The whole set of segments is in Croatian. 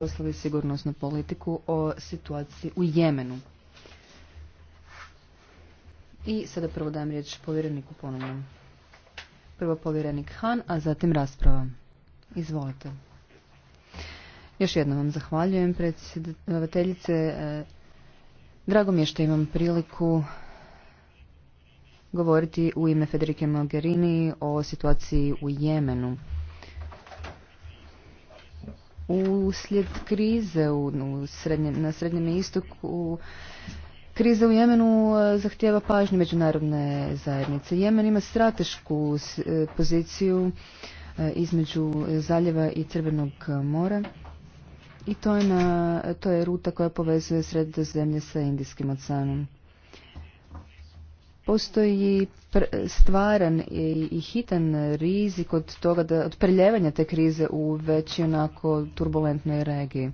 poslove sigurnosnu politiku o situaciji u Jemenu. I sada prvo dajem riječ povjereniku ponovno. Prvo povjerenik Han, a zatim rasprava. Izvolite. Još jednom vam zahvaljujem, predsjedavateljice. E, drago mi je što imam priliku govoriti u ime Federike Mogherini o situaciji u Jemenu uslijed krize u, u srednje, na Srednjem istoku Kriza u Jemenu e, zahtjeva pažnju međunarodne zajednice. Jemen ima stratešku e, poziciju e, između zaljeva i Crvenog mora i to je, na, to je ruta koja povezuje zemlje sa Indijskim oceanom postoji stvaran i hitan rizik od toga da od preljevanja te krize u već onako turbulentnoj regiji.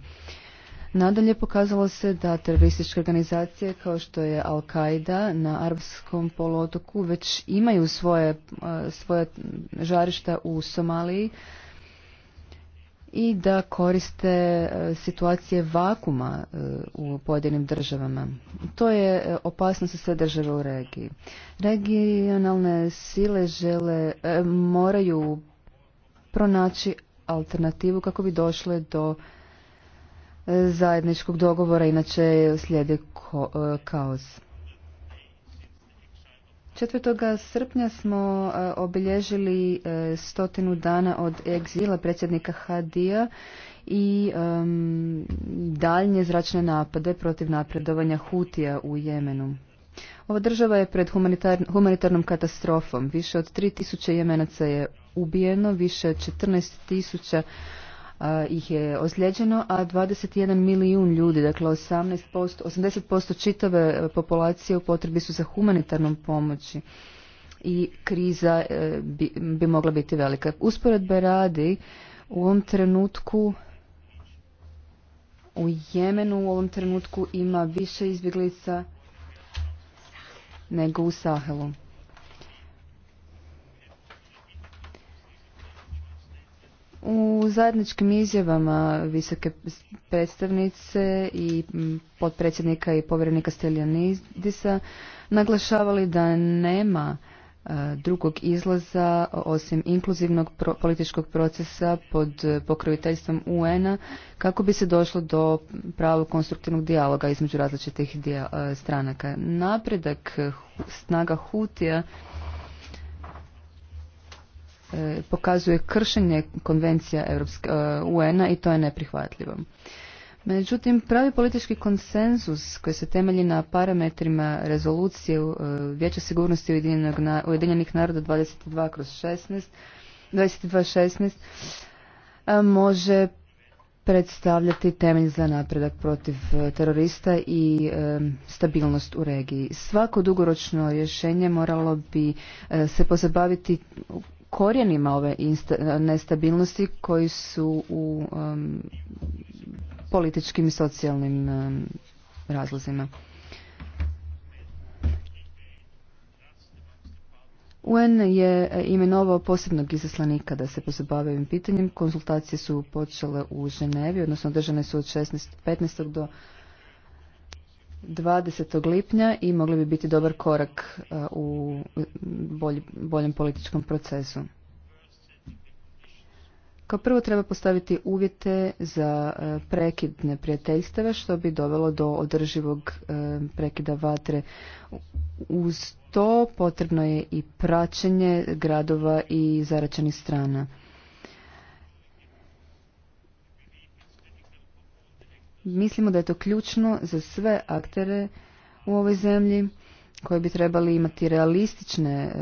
Nadalje pokazalo se da terorističke organizacije kao što je Al-Qaida na Arabskom poluotoku već imaju svoje, svoje žarišta u Somaliji, i da koriste e, situacije vakuma e, u pojedinim državama. To je e, opasnost za sve države u regiji. Regionalne sile žele, moraju pronaći alternativu kako bi došle do zajedničkog dogovora, inače slijede kaos. 4. srpnja smo e, obilježili e, stotinu dana od egzila predsjednika Hadija i daljnje zračne napade protiv napredovanja Hutija u Jemenu. Ova država je pred humanitarnom katastrofom. Više od 3000 Jemenaca je ubijeno, više od 14.000 ih je ozlijeđeno, a 21 milijun ljudi, dakle 18%, 80% čitave e, populacije u potrebi su za humanitarnom pomoći i kriza e, bi, bi mogla biti velika. Usporedbe radi u ovom trenutku u Jemenu u ovom trenutku ima više izbjeglica nego u Sahelu. U zajedničkim izjavama visoke predstavnice i potpredsjednika i povjerenika Nidisa naglašavali da nema e, drugog izlaza osim inkluzivnog političkog procesa pod e, pokroviteljstvom UN-a kako bi se došlo do pravog konstruktivnog dijaloga između različitih e, stranaka. Napredak snaga Hutija pokazuje kršenje konvencija e, UN-a i to je neprihvatljivo. Međutim, pravi politički konsenzus koji se temelji na parametrima rezolucije e, Vijeća sigurnosti Ujedinjenih naroda 22 kroz 16, 22.16 e, može predstavljati temelj za napredak protiv terorista i stabilnost u regiji. Svako dugoročno rješenje moralo bi se pozabaviti korijenima ove nestabilnosti koji su u političkim i socijalnim razlozima. UN je e, imenovao posebnog izaslanika da se pozabave ovim pitanjem. Konsultacije su počele u Ženevi, odnosno održane su od 16. 15. do 20. lipnja i mogli bi biti dobar korak e, u boljem političkom procesu. Kao prvo treba postaviti uvjete za e, prekid neprijateljstava što bi dovelo do održivog e, prekida vatre. Uz to potrebno je i praćenje gradova i zaračenih strana. Mislimo da je to ključno za sve aktere u ovoj zemlji koji bi trebali imati realistične,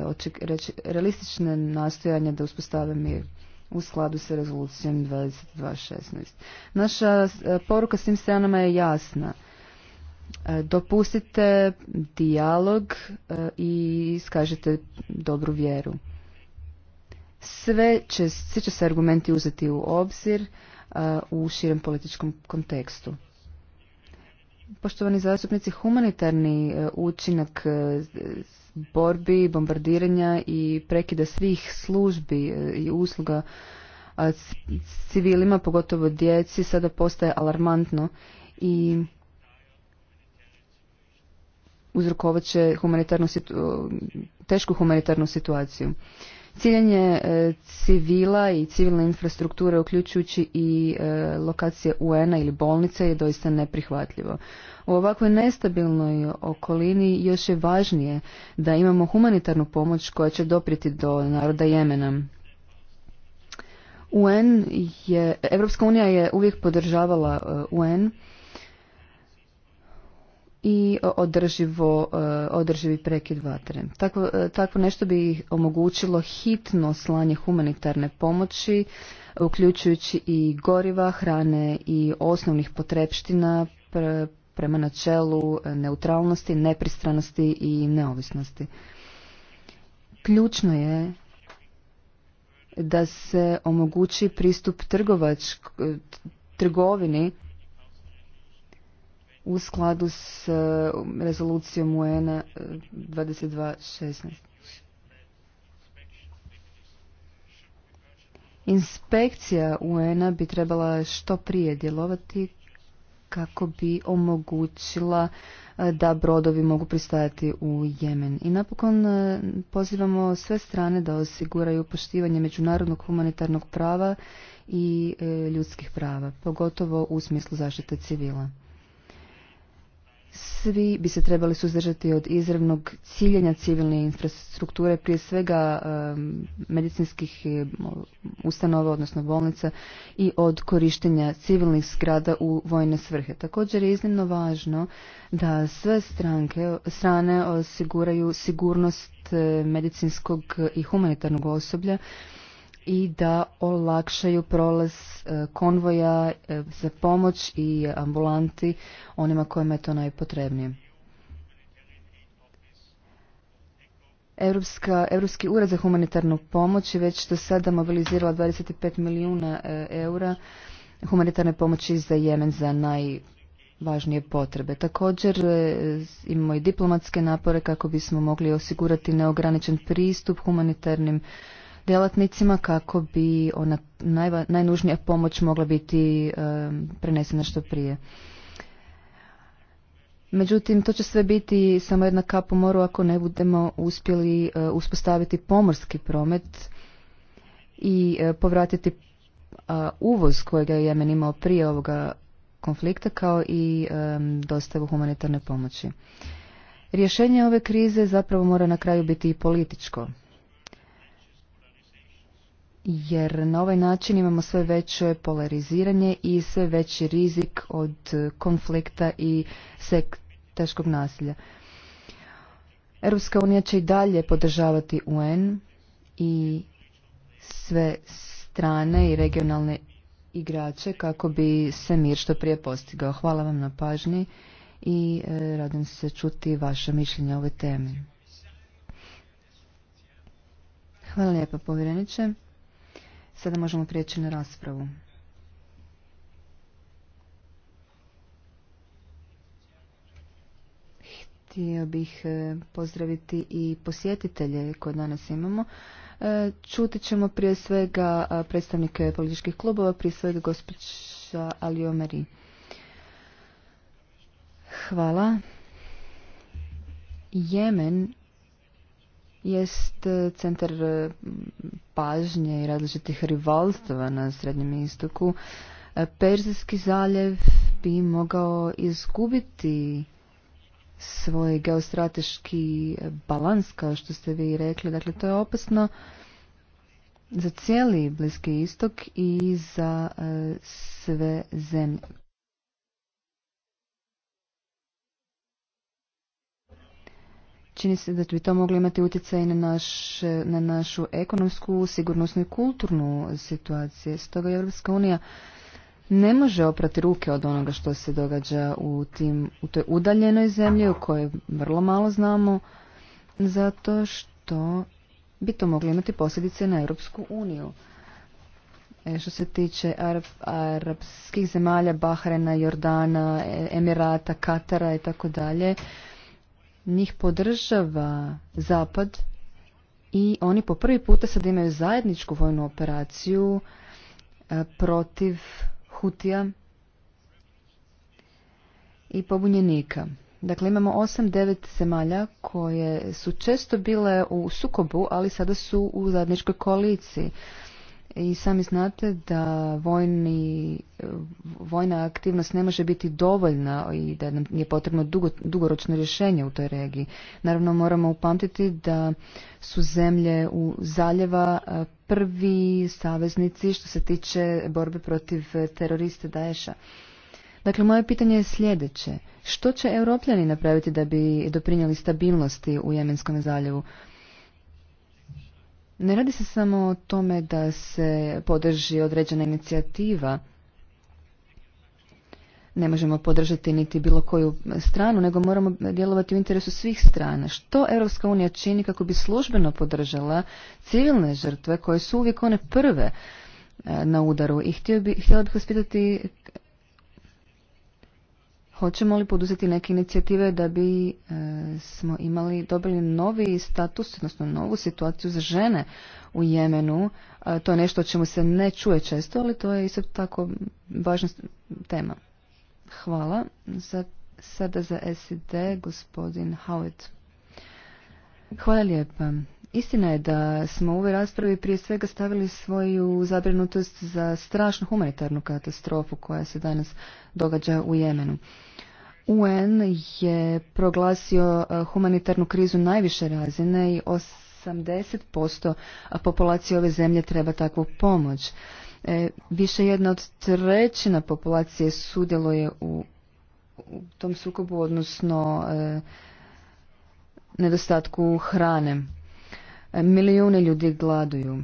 e, realistične nastojanja da uspostave mir u skladu sa rezolucijom 22.16. Naša e, poruka svim stranama je jasna. E, dopustite dijalog i iskažite dobru vjeru. Sve će, svi će se argumenti uzeti u obzir u širem političkom kontekstu. Poštovani zastupnici, humanitarni e, učinak e, borbi, bombardiranja i prekida svih službi e, i usluga civilima, pogotovo djeci, sada postaje alarmantno i uzrokovat će humanitarnu, tešku humanitarnu situaciju. Ciljanje e, civila i civilne infrastrukture, uključujući i e, lokacije UN-a ili bolnice, je doista neprihvatljivo. U ovakvoj nestabilnoj okolini još je važnije da imamo humanitarnu pomoć koja će dopriti do naroda Jemena. UN je, Evropska unija je uvijek podržavala e, UN i održivo, e, održivi prekid vatre. Takvo, e, takvo nešto bi omogućilo hitno slanje humanitarne pomoći, uključujući i goriva, hrane i osnovnih potrepština prema načelu e, neutralnosti, nepristranosti i neovisnosti. Ključno je da se omogući pristup trgovač, trgovini u skladu s e, rezolucijom un 2216. E, Inspekcija UN-a bi trebala što prije djelovati kako bi omogućila e, da brodovi mogu pristajati u Jemen. I napokon pozivamo sve strane da osiguraju poštivanje međunarodnog humanitarnog prava i ljudskih prava, pogotovo u smislu zaštite civila svi bi se trebali suzdržati od izravnog ciljenja civilne infrastrukture, prije svega medicinskih e, ustanova, odnosno bolnica, i od korištenja civilnih zgrada u vojne svrhe. Također je iznimno važno da sve stranke, strane osiguraju sigurnost e, medicinskog i humanitarnog osoblja, i da olakšaju prolaz e, konvoja e, za pomoć i ambulanti onima kojima je to najpotrebnije. Evropska, Europski ured za humanitarnu pomoć je već do sada mobilizirala 25 milijuna e, eura humanitarne pomoći za Jemen za najvažnije potrebe. Također imamo i diplomatske napore kako bismo mogli osigurati neograničen pristup humanitarnim djelatnicima kako bi ona najnužnija pomoć mogla biti prenesena što prije. Međutim, to će sve biti samo jedna kap u moru ako ne budemo uspjeli e, uspostaviti pomorski promet i e, povratiti uvoz kojega je Jemen imao prije ovoga konflikta kao i dostavu humanitarne pomoći. Rješenje ove krize zapravo mora na kraju biti i političko jer na ovaj način imamo sve veće polariziranje i sve veći rizik od konflikta i teškog nasilja. Europska unija će i dalje podržavati UN i sve strane i regionalne igrače kako bi se mir što prije postigao. Hvala vam na pažnji i e, radim se čuti vaše mišljenje o ovoj temi. Hvala lijepa povjereniče. Sada možemo prijeći na raspravu. Htio bih e, pozdraviti i posjetitelje koje danas imamo. E, čuti ćemo prije svega e, predstavnike političkih klubova, prije svega gospođa omeri. Hvala. Jemen jest e, centar e, pažnje i različitih rivalstava na Srednjem istoku. E, Perzijski zaljev bi mogao izgubiti svoj geostrateški balans, kao što ste vi rekli. Dakle, to je opasno za cijeli Bliski istok i za sve zemlje. Čini se da bi to moglo imati utjecaj na, naš, na našu ekonomsku, sigurnosnu i kulturnu situaciju. Stoga Europska unija ne može oprati ruke od onoga što se događa u, tim, u toj udaljenoj zemlji o kojoj vrlo malo znamo, zato što bi to moglo imati posljedice na Europsku uniju. E, što se tiče Arab, arapskih zemalja, Bahrena, Jordana, Emirata, Katara i tako dalje, njih podržava Zapad i oni po prvi puta sad imaju zajedničku vojnu operaciju e, protiv Hutija i pobunjenika. Dakle, imamo 8-9 zemalja koje su često bile u sukobu, ali sada su u zajedničkoj koaliciji i sami znate da vojni, vojna aktivnost ne može biti dovoljna i da nam je potrebno dugoročno rješenje u toj regiji. Naravno moramo upamtiti da su zemlje u zaljeva prvi saveznici što se tiče borbe protiv e, teroriste Daesha. Dakle, moje pitanje je sljedeće. Što će europljani napraviti da bi doprinijeli stabilnosti u Jemenskom zaljevu? Ne radi se samo o tome da se podrži određena inicijativa. Ne možemo podržati niti bilo koju stranu, nego moramo djelovati u interesu svih strana. Što Europska unija čini kako bi službeno podržala civilne žrtve koje su uvijek one prve e, na udaru? I htio htjela bih vas pitati Hoćemo li poduzeti neke inicijative da bi e, smo imali dobili novi status, odnosno novu situaciju za žene u Jemenu? E, to je nešto o čemu se ne čuje često, ali to je isto tako važna tema. Hvala. Za, sada za SID, gospodin Howitt. Hvala lijepa. Istina je da smo u ovoj raspravi prije svega stavili svoju zabrinutost za strašnu humanitarnu katastrofu koja se danas događa u Jemenu. UN je proglasio e, humanitarnu krizu najviše razine i 80% populacije ove zemlje treba takvu pomoć. E, više jedna od trećina populacije sudjeluje u, u tom sukobu, odnosno e, nedostatku hrane. Milijune ljudi gladuju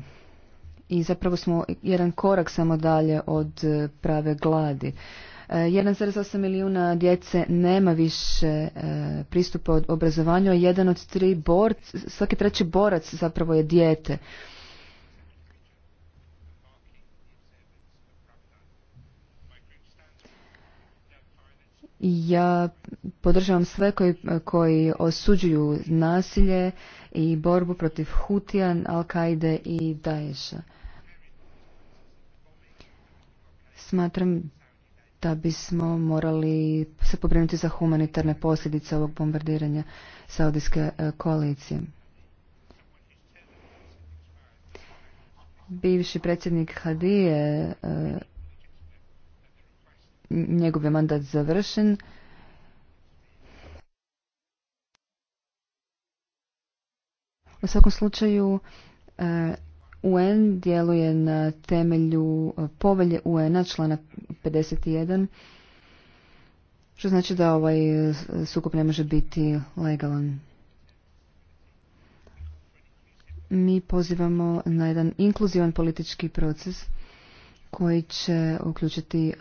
i zapravo smo jedan korak samo dalje od e, prave gladi. 1,8 e, milijuna djece nema više e, pristupa od obrazovanju, a jedan od tri borac, svaki treći borac zapravo je dijete. ja podržavam sve koji, koji osuđuju nasilje i borbu protiv Hutijan, Al-Kaide i Daesha. Smatram da bismo morali se pobrinuti za humanitarne posljedice ovog bombardiranja Saudijske e, koalicije. Bivši predsjednik Hadije e, njegov je mandat završen. U svakom slučaju e, UN djeluje na temelju e, povelje UN-a članak 51 što znači da ovaj e, sukob ne može biti legalan. Mi pozivamo na jedan inkluzivan politički proces koji će uključiti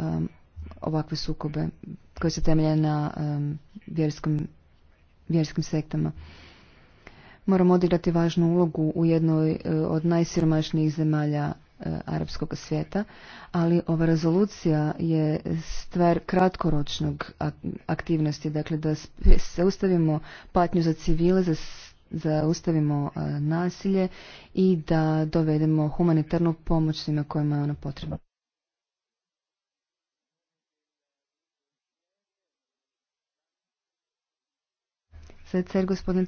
ovakve sukobe koje se temelje na um, vjerskom, vjerskim sektama. Moramo odigrati važnu ulogu u jednoj e, od najsiromašnijih zemalja uh, arapskog svijeta, ali ova rezolucija je stvar kratkoročnog aktivnosti, dakle da se ustavimo patnju za civile, za zaustavimo e, nasilje i da dovedemo humanitarnu pomoć svima kojima je ona potrebna. Dakle, cer gospodin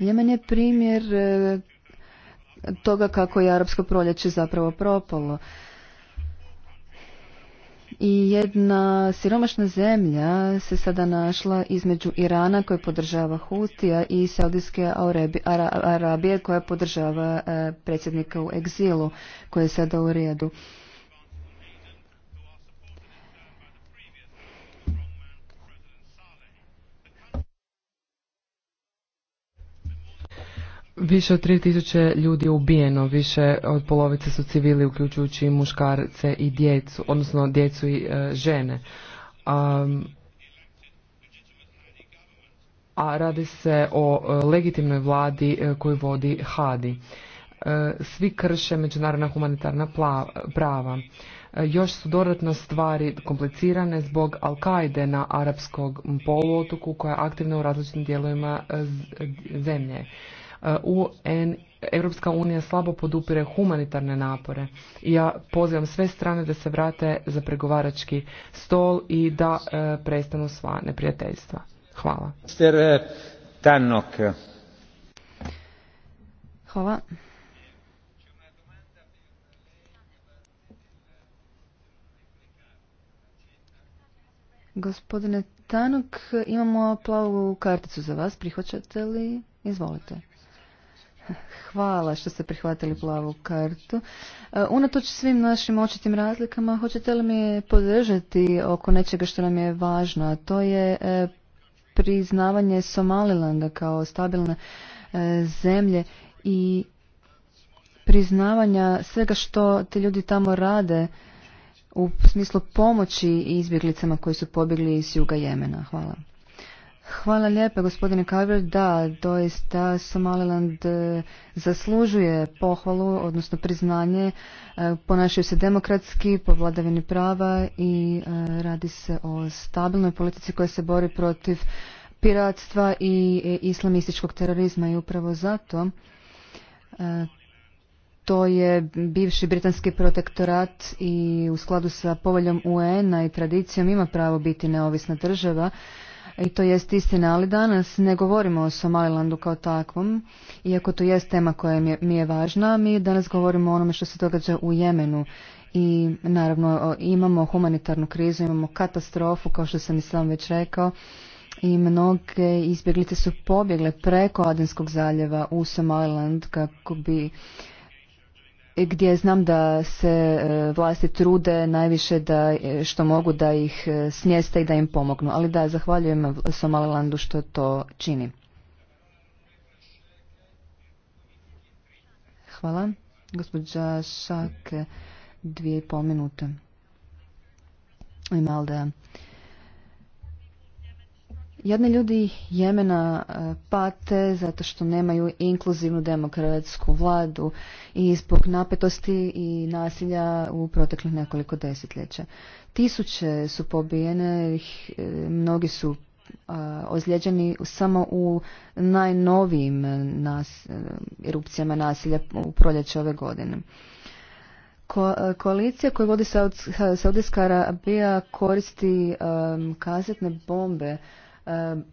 Jemen je primjer e, toga kako je arapsko proljeće zapravo propalo. I jedna siromašna zemlja se sada našla između Irana koji podržava Hutija i Saudijske Arabije koja podržava e, predsjednika u egzilu koji je sada u redu. Više od 3000 ljudi je ubijeno, više od polovice su civili, uključujući muškarce i djecu, odnosno djecu i e, žene. a radi se o e, legitimnoj vladi e, koju vodi Hadi. Svi krše međunarodna humanitarna prava. Još su dodatno stvari komplicirane zbog al na arapskog poluotoku koja je aktivna u različitim dijelovima zemlje UN Europska unija slabo podupire humanitarne napore i ja pozivam sve strane da se vrate za pregovarački stol i da e, prestanu sva neprijateljstva. Hvala. E, Hvala. Gospodine Tanok, imamo plavu karticu za vas. Prihvaćate li? Izvolite. Hvala što ste prihvatili plavu kartu. E, unatoč svim našim očitim razlikama, hoćete li mi podržati oko nečega što nam je važno, a to je e, priznavanje Somalilanda kao stabilne e, zemlje i priznavanja svega što ti ljudi tamo rade u smislu pomoći izbjeglicama koji su pobjegli iz juga Jemena. Hvala. Hvala lijepa gospodine Kajver. Da, doista Somaliland e, zaslužuje pohvalu, odnosno priznanje. E, ponašaju se demokratski, po vladavini prava i e, radi se o stabilnoj politici koja se bori protiv piratstva i islamističkog terorizma i upravo zato to je bivši britanski protektorat i u skladu sa povoljom UN-a i tradicijom ima pravo biti neovisna država i to jest istina, ali danas ne govorimo o Somalilandu kao takvom, iako to jest tema koja mi je važna, mi danas govorimo o onome što se događa u Jemenu i naravno imamo humanitarnu krizu, imamo katastrofu kao što sam i sam već rekao i mnoge izbjeglice su pobjegle preko Adenskog zaljeva u Somaliland kako bi gdje znam da se e, vlasti trude najviše da e, što mogu da ih e, smjeste i da im pomognu. Ali da, zahvaljujem Somalilandu što to čini. Hvala. Gospođa Šak, dvije i pol minute. Imalda. Jadni ljudi Jemena e, pate zato što nemaju inkluzivnu demokratsku vladu i zbog napetosti i nasilja u proteklih nekoliko desetljeća. Tisuće su pobijene, mnogi su ozlijeđeni samo u najnovijim e, erupcijama nasilja u proljeće ove godine. E, koalicija koju vodi Saudijska Arabija koristi um, kazetne bombe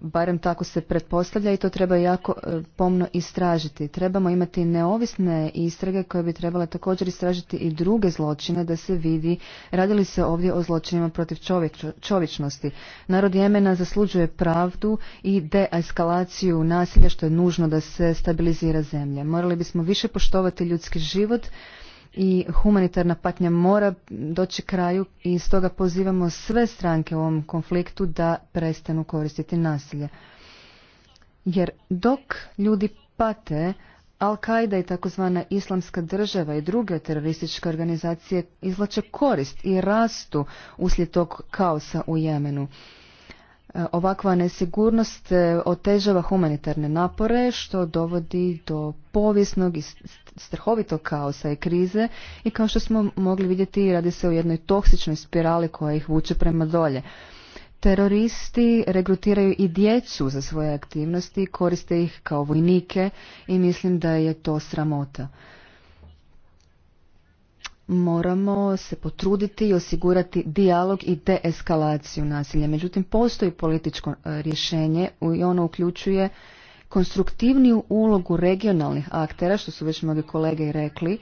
barem tako se pretpostavlja i to treba jako e, pomno istražiti. Trebamo imati neovisne istrage koje bi trebale također istražiti i druge zločine da se vidi radili se ovdje o zločinima protiv čovječnosti. Narod Jemena zasluđuje pravdu i deeskalaciju nasilja što je nužno da se stabilizira zemlja. Morali bismo više poštovati ljudski život i humanitarna patnja mora doći kraju i stoga pozivamo sve stranke u ovom konfliktu da prestanu koristiti nasilje. Jer dok ljudi pate, Al-Qaida i takozvana islamska država i druge terorističke organizacije izlače korist i rastu uslijed tog kaosa u Jemenu. E, ovakva nesigurnost e, otežava humanitarne napore što dovodi do povijesnog i strahovitog kaosa i krize i kao što smo mogli vidjeti radi se o jednoj toksičnoj spirali koja ih vuče prema dolje. Teroristi regrutiraju i djecu za svoje aktivnosti, koriste ih kao vojnike i mislim da je to sramota moramo se potruditi i osigurati dijalog i deeskalaciju nasilja. Međutim, postoji političko e, rješenje i ono uključuje konstruktivniju ulogu regionalnih aktera, što su već mnogi kolege i rekli,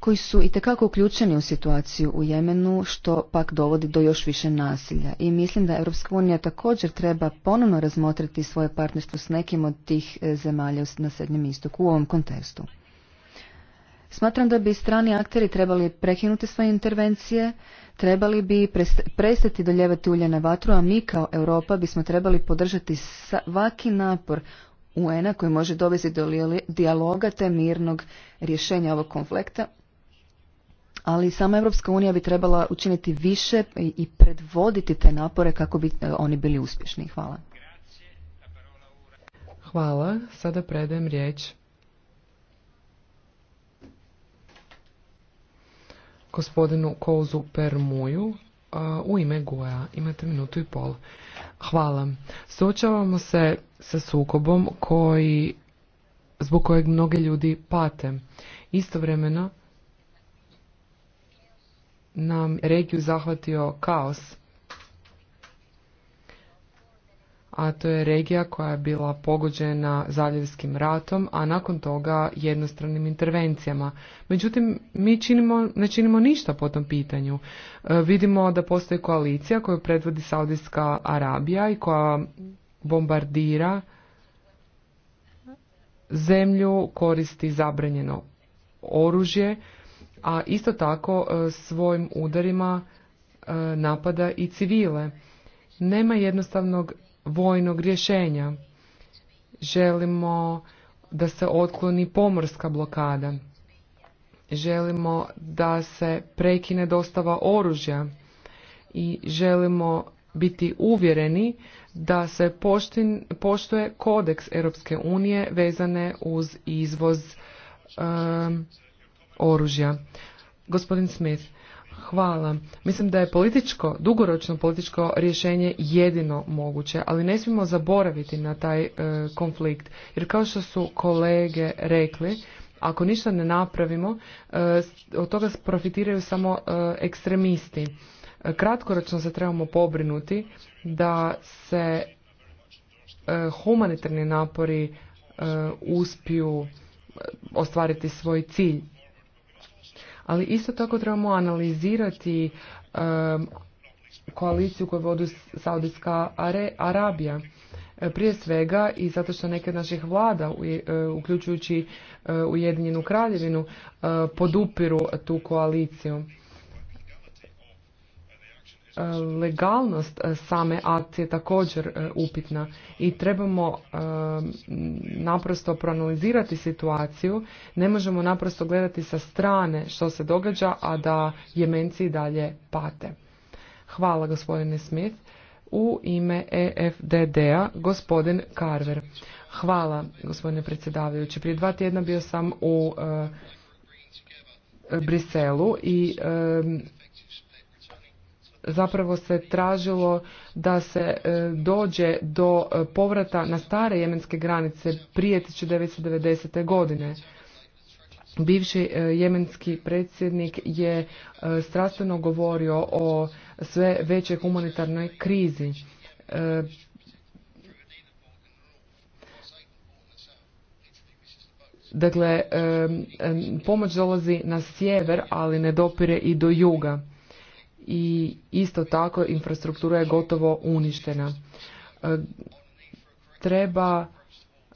koji su i tekako uključeni u situaciju u Jemenu, što pak dovodi do još više nasilja. I mislim da Europska unija također treba ponovno razmotriti svoje partnerstvo s nekim od tih e, zemalja na Srednjem istoku u ovom kontekstu. Smatram da bi strani akteri trebali prekinuti svoje intervencije, trebali bi prestati doljevati ulje na vatru, a mi kao Europa bismo trebali podržati svaki napor UN-a koji može dovesti do dijaloga te mirnog rješenja ovog konflikta. Ali sama Europska unija bi trebala učiniti više i predvoditi te napore kako bi e, oni bili uspješni. Hvala. Hvala. Sada predajem riječ gospodinu Kouzu Permuju u ime Goja. Imate minutu i pol. Hvala. Suočavamo se sa sukobom koji, zbog kojeg mnoge ljudi pate. Istovremeno nam regiju zahvatio kaos a to je regija koja je bila pogođena zaljevskim ratom, a nakon toga jednostranim intervencijama. Međutim, mi činimo, ne činimo ništa po tom pitanju. E, vidimo da postoji koalicija koju predvodi Saudijska Arabija i koja bombardira zemlju, koristi zabranjeno oružje, a isto tako e, svojim udarima e, napada i civile. Nema jednostavnog vojnog rješenja. Želimo da se otkloni pomorska blokada. Želimo da se prekine dostava oružja i želimo biti uvjereni da se poštuje kodeks Europske unije vezane uz izvoz um, oružja. Gospodin Smith, Hvala. Mislim da je političko, dugoročno političko rješenje jedino moguće, ali ne smijemo zaboraviti na taj e, konflikt. Jer kao što su kolege rekli, ako ništa ne napravimo, e, od toga profitiraju samo e, ekstremisti. Kratkoročno se trebamo pobrinuti da se humanitarni napori uspiju ostvariti svoj cilj ali isto tako trebamo analizirati koaliciju koju vodi Saudijska Arabija. E, prije svega i zato što neke od naših vlada, e, uključujući e, Ujedinjenu kraljevinu, podupiru tu koaliciju. E, legalnost e, same akcije također e, upitna i trebamo naprosto proanalizirati situaciju. Ne možemo naprosto gledati sa strane što se događa, a da jemenci dalje pate. Hvala gospodine Smith. U ime EFDD-a gospodin Carver. Hvala gospodine predsjedavajući. Prije dva tjedna bio sam u Briselu i zapravo se tražilo da se e, dođe do e, povrata na stare jemenske granice prije 1990. godine. Bivši e, jemenski predsjednik je strastveno govorio o sve većoj humanitarnoj krizi. Dakle, pomoć dolazi na sjever, ali ne dopire i do juga i isto tako infrastruktura je gotovo uništena. E, treba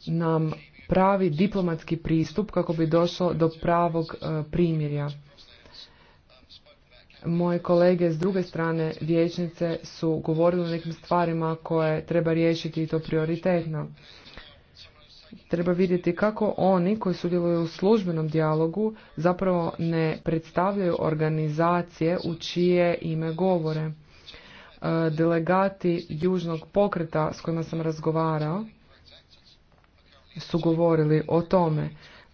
nam pravi diplomatski pristup kako bi došlo do pravog e, primjerja. Moje kolege s druge strane vijećnice su govorili o nekim stvarima koje treba riješiti i to prioritetno treba vidjeti kako oni koji sudjeluju u službenom dijalogu zapravo ne predstavljaju organizacije u čije ime govore. E, delegati južnog pokreta s kojima sam razgovarao su govorili o tome.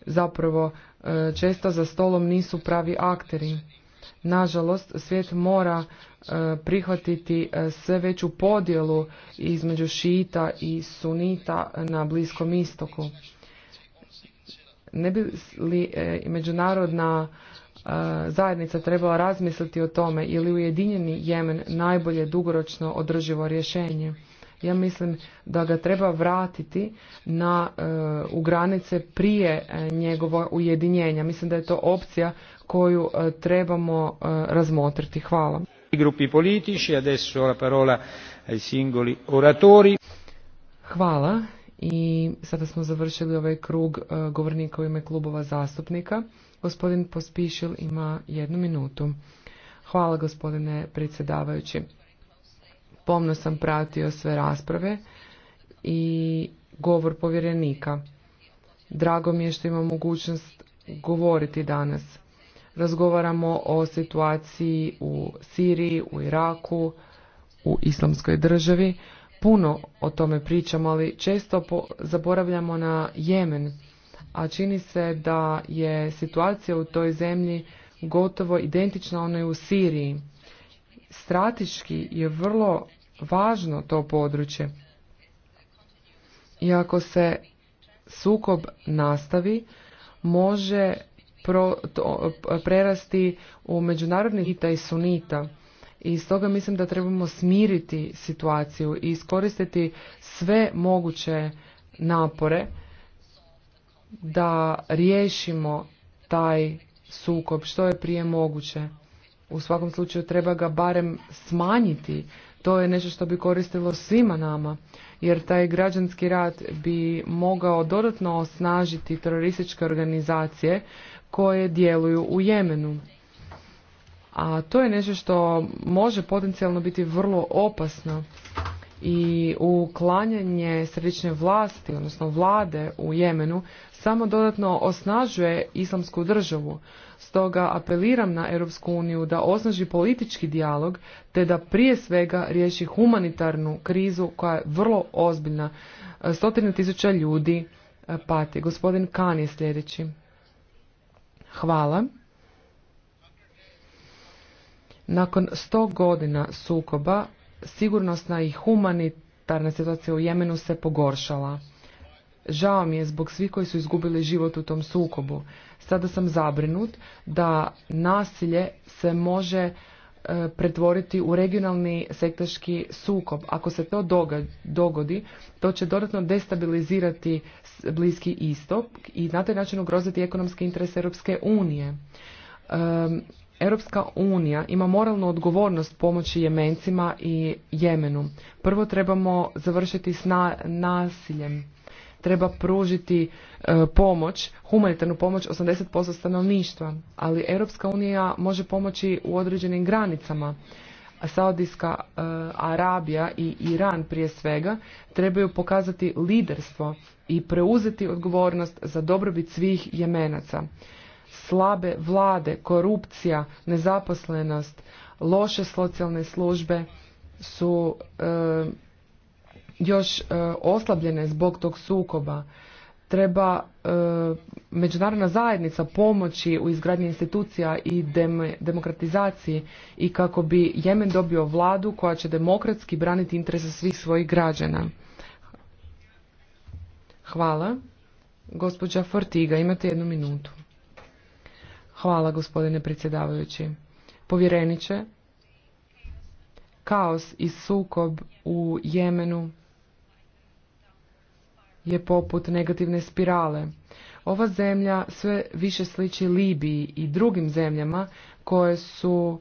Zapravo e, često za stolom nisu pravi akteri. Nažalost, svijet mora E, prihvatiti e, sve veću podjelu između šita i sunita na Bliskom istoku. Ne bi li e, međunarodna zajednica trebala razmisliti o tome ili ujedinjeni Jemen najbolje dugoročno održivo rješenje. Ja mislim da ga treba vratiti na, u granice prije njegova ujedinjenja. Mislim da je to opcija koju trebamo razmotriti. Hvala politici, adesso parola ai singoli oratori. Hvala i sada smo završili ovaj krug eh, govornika u ime klubova zastupnika. Gospodin Pospišil ima jednu minutu. Hvala gospodine predsjedavajući. Pomno sam pratio sve rasprave i govor povjerenika. Drago mi je što imam mogućnost govoriti danas razgovaramo o situaciji u Siriji, u Iraku, u islamskoj državi. Puno o tome pričamo, ali često zaboravljamo na Jemen, a čini se da je situacija u toj zemlji gotovo identična onoj u Siriji. Strateški je vrlo važno to područje. Iako se sukob nastavi, može pro, to, prerasti u međunarodni hita i sunita. I stoga mislim da trebamo smiriti situaciju i iskoristiti sve moguće napore da riješimo taj sukob što je prije moguće. U svakom slučaju treba ga barem smanjiti. To je nešto što bi koristilo svima nama, jer taj građanski rat bi mogao dodatno osnažiti terorističke organizacije koje djeluju u Jemenu. A to je nešto što može potencijalno biti vrlo opasno i uklanjanje središnje vlasti, odnosno vlade u Jemenu, samo dodatno osnažuje islamsku državu. Stoga apeliram na Europsku uniju da osnaži politički dijalog te da prije svega riješi humanitarnu krizu koja je vrlo ozbiljna. Stotine tisuća ljudi e, pati. Gospodin Kan je sljedeći. Hvala. Nakon sto godina sukoba sigurnosna i humanitarna situacija u Jemenu se pogoršala. Žao mi je zbog svih koji su izgubili život u tom sukobu. Sada sam zabrinut da nasilje se može e, pretvoriti u regionalni sektaški sukob. Ako se to dogodi, to će dodatno destabilizirati Bliski istok i na taj način ugroziti ekonomske interese Europske unije. Europska unija ima moralnu odgovornost pomoći Jemencima i Jemenu. Prvo trebamo završiti s nasiljem. Treba pružiti e, pomoć, humanitarnu pomoć 80% stanovništva, ali Europska unija može pomoći u određenim granicama. Saudijska e, Arabija i Iran prije svega trebaju pokazati liderstvo i preuzeti odgovornost za dobrobit svih Jemenaca slabe vlade, korupcija, nezaposlenost, loše socijalne službe su e, još e, oslabljene zbog tog sukoba. Treba e, međunarodna zajednica pomoći u izgradnji institucija i demokratizaciji i kako bi Jemen dobio vladu koja će demokratski braniti interese svih svojih građana. Hvala. Gospođa Fortiga, imate jednu minutu. Hvala gospodine predsjedavajući. Povjereniče, kaos i sukob u Jemenu je poput negativne spirale. Ova zemlja sve više sliči Libiji i drugim zemljama koje su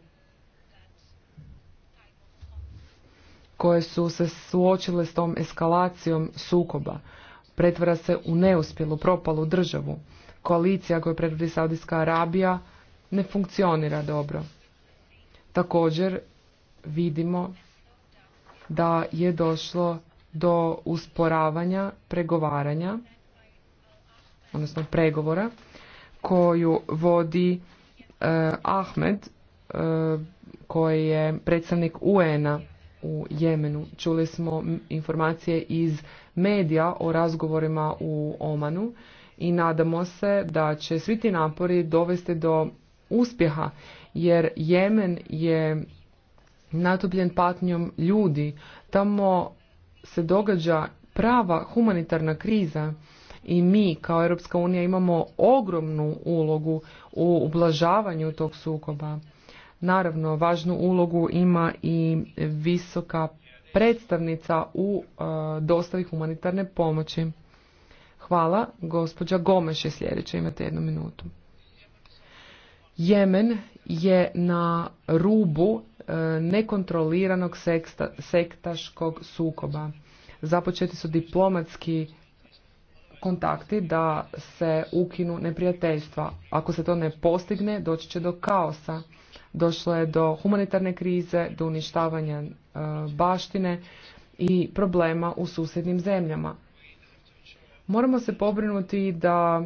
koje su se suočile s tom eskalacijom sukoba. Pretvara se u neuspjelu, propalu državu koalicija koju predvodi Saudijska Arabija ne funkcionira dobro. Također vidimo da je došlo do usporavanja pregovaranja, odnosno pregovora, koju vodi e, Ahmed, e, koji je predstavnik UN-a u Jemenu. Čuli smo informacije iz medija o razgovorima u Omanu i nadamo se da će svi ti napori dovesti do uspjeha jer Jemen je natopljen patnjom ljudi. Tamo se događa prava humanitarna kriza i mi kao Europska unija imamo ogromnu ulogu u ublažavanju tog sukoba. Naravno, važnu ulogu ima i visoka predstavnica u e, dostavi humanitarne pomoći. Hvala. Gospođa Gomeš je sljedeća, imate jednu minutu. Jemen je na rubu e, nekontroliranog sektaškog sukoba. Započeti su diplomatski kontakti da se ukinu neprijateljstva. Ako se to ne postigne, doći će do kaosa. Došlo je do humanitarne krize, do uništavanja e, baštine i problema u susjednim zemljama Moramo se pobrinuti da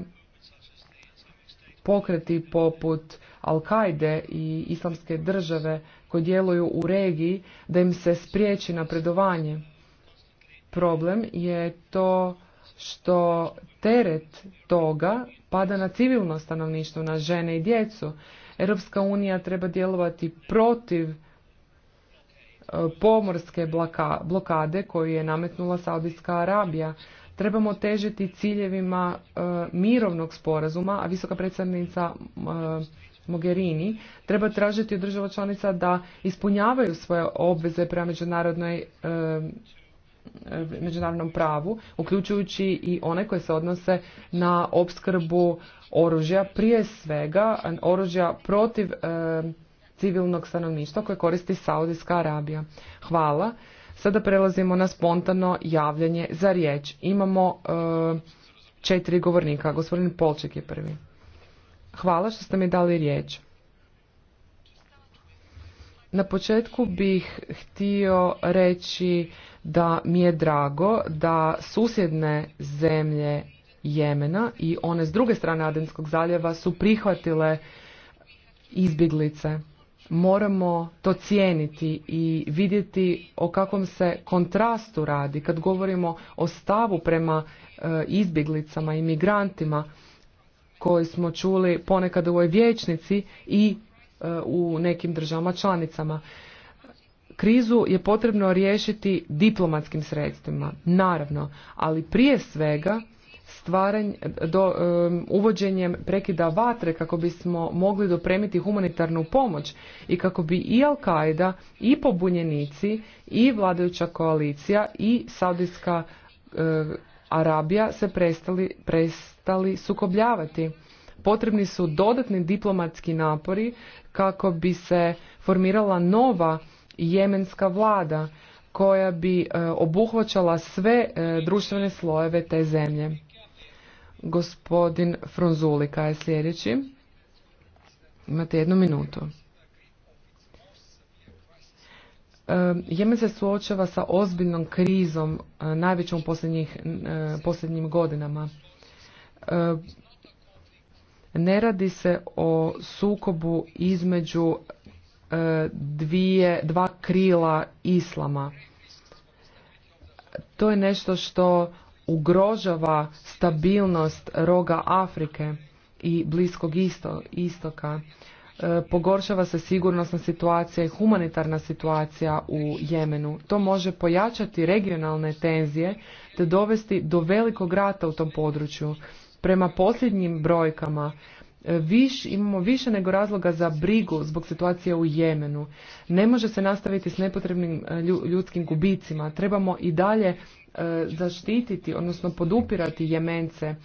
pokreti poput Al-Kaide i islamske države koji djeluju u regiji, da im se spriječi napredovanje. Problem je to što teret toga pada na civilno stanovništvo, na žene i djecu. Europska unija treba djelovati protiv e, pomorske blokade koju je nametnula Saudijska Arabija. Trebamo težiti ciljevima e, mirovnog sporazuma, a visoka predstavnica e, Mogherini treba tražiti od država članica da ispunjavaju svoje obveze prema međunarodnoj e, međunarodnom pravu, uključujući i one koje se odnose na opskrbu oružja, prije svega oružja protiv civilnog stanovništva koje koristi Saudijska Arabija. Hvala. Sada prelazimo na spontano javljanje za riječ. Imamo e, četiri govornika. Gospodin Polček je prvi. Hvala što ste mi dali riječ. Na početku bih htio reći da mi je drago da susjedne zemlje Jemena i one s druge strane Adenskog zaljeva su prihvatile izbjeglice moramo to cijeniti i vidjeti o kakvom se kontrastu radi kad govorimo o stavu prema e, izbjeglicama i migrantima koji smo čuli ponekad u ovoj vječnici i e, u nekim državama članicama. Krizu je potrebno riješiti diplomatskim sredstvima, naravno, ali prije svega stvaranj, do, uvođenjem prekida vatre kako bismo mogli dopremiti humanitarnu pomoć i kako bi i Al-Qaida i pobunjenici i vladajuća koalicija i Saudijska Arabija se prestali, prestali sukobljavati. Potrebni su dodatni diplomatski napori kako bi se formirala nova jemenska vlada koja bi obuhvaćala sve društvene slojeve te zemlje. Gospodin Fronzulika je sljedeći. Imate jednu minutu. E, Jemen se suočava sa ozbiljnom krizom, e, najvećom u e, posljednjim godinama. Ne radi se o sukobu između dvije, dva krila islama. To je nešto što ugrožava stabilnost roga Afrike i bliskog istoka. E, pogoršava se sigurnosna situacija i humanitarna situacija u Jemenu. To može pojačati regionalne tenzije te dovesti do velikog rata u tom području. Prema posljednjim brojkama e, Viš, imamo više nego razloga za brigu zbog situacije u Jemenu. Ne može se nastaviti s nepotrebnim e, ljudskim gubicima. Trebamo i dalje E, zaštititi, odnosno podupirati Jemence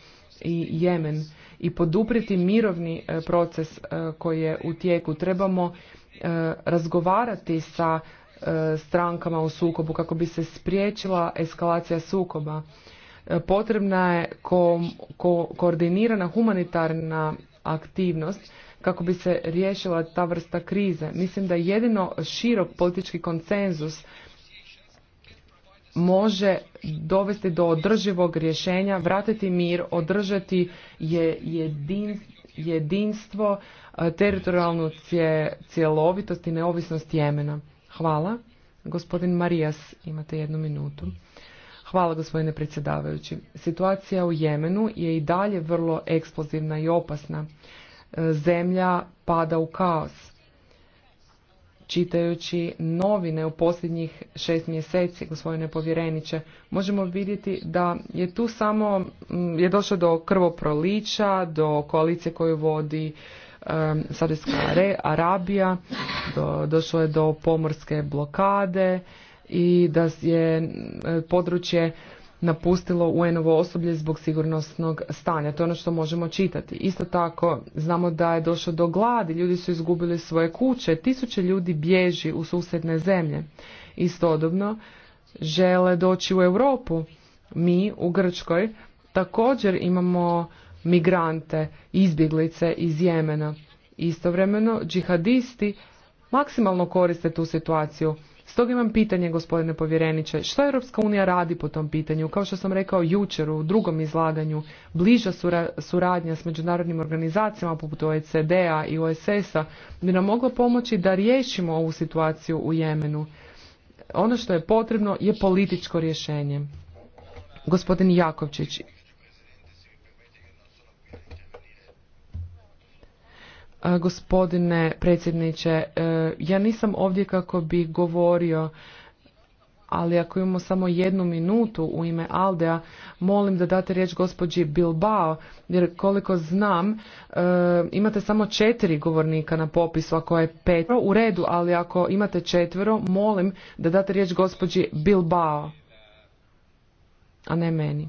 i Jemen i podupriti mirovni e, proces e, koji je u tijeku. Trebamo razgovarati sa strankama u sukobu kako bi se spriječila eskalacija sukoba. Potrebna je koordinirana humanitarna aktivnost kako bi se riješila ta vrsta krize. Mislim da jedino širok politički konsenzus može dovesti do održivog rješenja, vratiti mir, održati je jedinstvo, e, teritorijalnu cjelovitost i neovisnost Jemena. Hvala. Gospodin Marijas, imate jednu minutu. Hvala gospodine predsjedavajući. Situacija u Jemenu je i dalje vrlo eksplozivna i opasna. E, zemlja pada u kaos čitajući novine u posljednjih šest mjeseci, gospodine povjereniče, možemo vidjeti da je tu samo, mm, je došlo do krvoprolića, do koalicije koju vodi um, Arabija, došlo je do pomorske blokade i da je područje napustilo UN-ovo osoblje zbog sigurnosnog stanja. To je ono što možemo čitati. Isto tako znamo da je došlo do gladi, ljudi su izgubili svoje kuće, tisuće ljudi bježi u susjedne zemlje. Istodobno žele doći u Europu. Mi u Grčkoj također imamo migrante, izbjeglice iz Jemena. Istovremeno džihadisti maksimalno koriste tu situaciju Stoga imam pitanje, gospodine povjereniče, što Europska unija radi po tom pitanju? Kao što sam rekao jučer u drugom izlaganju, bliža suradnja s međunarodnim organizacijama poput OECD-a i OSS-a bi nam mogla pomoći da riješimo ovu situaciju u Jemenu. Ono što je potrebno je političko rješenje. Gospodin Jakovčić, Gospodine predsjedniče, e, ja nisam ovdje kako bi govorio, ali ako imamo samo jednu minutu u ime Aldea, molim da date riječ gospođi Bilbao, jer koliko znam, e, imate samo četiri govornika na popisu, ako je pet u redu, ali ako imate četvero, molim da date riječ gospođi Bilbao, a ne meni.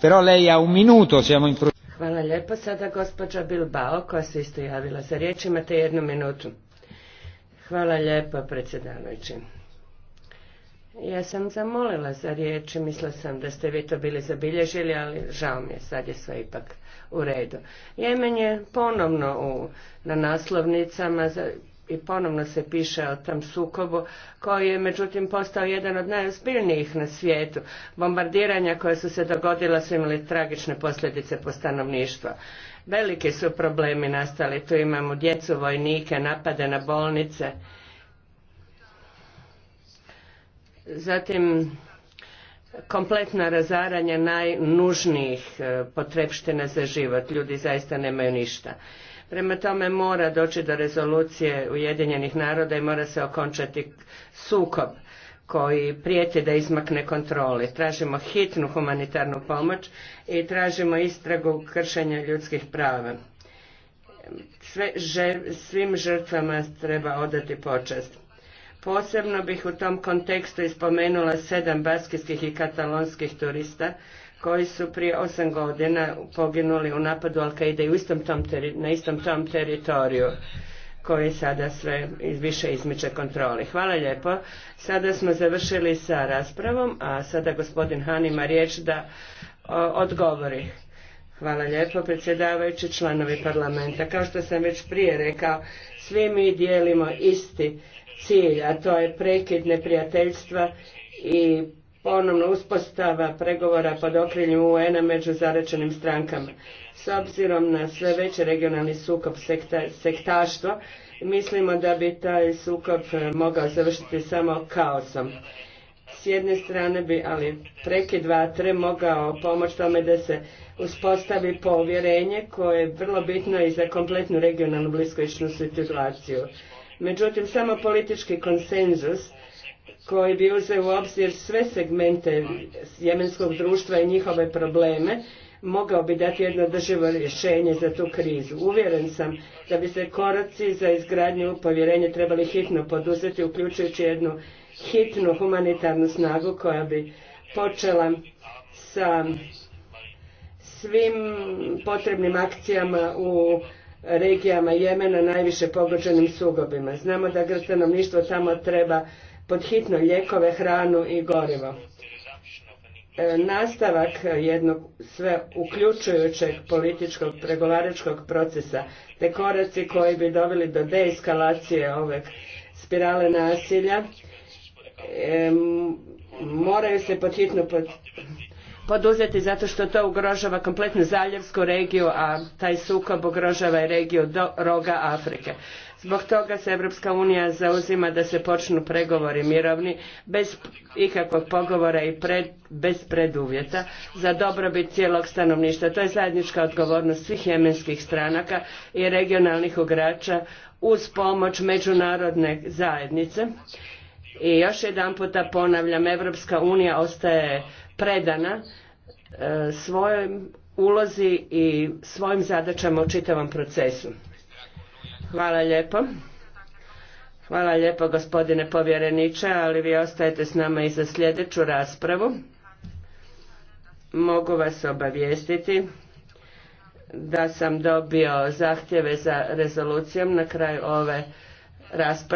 Però lei ha un minuto, siamo Hvala lijepo. Sada gospođa Bilbao, koja se isto javila za riječ, imate jednu minutu. Hvala lijepo, predsjedavajući. Ja sam zamolila za riječ, mislila sam da ste vi to bili zabilježili, ali žao mi je, sad je sve ipak u redu. Jemen je ponovno u, na naslovnicama za, i ponovno se piše o tom sukobu koji je međutim postao jedan od najozbiljnijih na svijetu. Bombardiranja koja su se dogodila su imali tragične posljedice po stanovništvo. Veliki su problemi nastali, tu imamo djecu, vojnike, napade na bolnice. Zatim kompletna razaranja najnužnijih eh, potrepština za život. Ljudi zaista nemaju ništa. Prema tome mora doći do rezolucije Ujedinjenih naroda i mora se okončati sukob koji prijeti da izmakne kontroli. Tražimo hitnu humanitarnu pomoć i tražimo istragu kršenja ljudskih prava. svim žrtvama treba odati počast. Posebno bih u tom kontekstu ispomenula sedam baskijskih i katalonskih turista koji su prije osam godina poginuli u napadu al Qaeda istom na istom tom teritoriju koji sada sve više izmiče kontroli. Hvala lijepo. Sada smo završili sa raspravom, a sada gospodin Han ima riječ da odgovori. Hvala lijepo, predsjedavajući članovi parlamenta. Kao što sam već prije rekao, svi mi dijelimo isti cilj, a to je prekid neprijateljstva i ponovno uspostava pregovora pod okriljem UN-a među zaračenim strankama. S obzirom na sve veći regionalni sukob sektatvo mislimo da bi taj sukob e, mogao završiti samo kaosom. S jedne strane bi, ali dva, vatre mogao pomoći tome da se uspostavi povjerenje koje je vrlo bitno i za kompletnu regionalnu bliskoinu situaciju. Međutim, samo politički konsenzus koji bi uzeo u obzir sve segmente jemenskog društva i njihove probleme, mogao bi dati jedno drživo rješenje za tu krizu. Uvjeren sam da bi se koraci za izgradnju povjerenja trebali hitno poduzeti, uključujući jednu hitnu humanitarnu snagu koja bi počela sa svim potrebnim akcijama u regijama Jemena najviše pogođenim sugobima. Znamo da stanovništvo tamo treba pod hitno ljekove, hranu i gorivo. E, nastavak jednog sve uključujućeg političkog pregovaračkog procesa, te koraci koji bi doveli do deeskalacije ove spirale nasilja, e, moraju se pod hitno pod poduzeti zato što to ugrožava kompletnu zaljevsku regiju, a taj sukob ugrožava i regiju do roga Afrike. Zbog toga se Europska unija zauzima da se počnu pregovori mirovni bez ikakvog pogovora i bez preduvjeta za dobrobit cijelog stanovništva. To je zajednička odgovornost svih jemenskih stranaka i regionalnih igrača uz pomoć međunarodne zajednice. I još jedanputa ponavljam, Europska unija ostaje predana e, svojoj ulozi i svojim zadaćama u čitavom procesu. Hvala lijepo. Hvala lijepo gospodine povjereniče, ali vi ostajete s nama i za sljedeću raspravu. Mogu vas obavijestiti da sam dobio zahtjeve za rezolucijom na kraju ove rasprave.